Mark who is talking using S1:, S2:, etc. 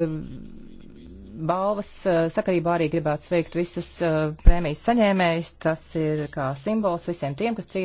S1: balvas eh, sakarībā arī gribētu sveikt visus eh, prēmijas saņēmējus. Tas ir kā simbols visiem tiem, kas cīnās.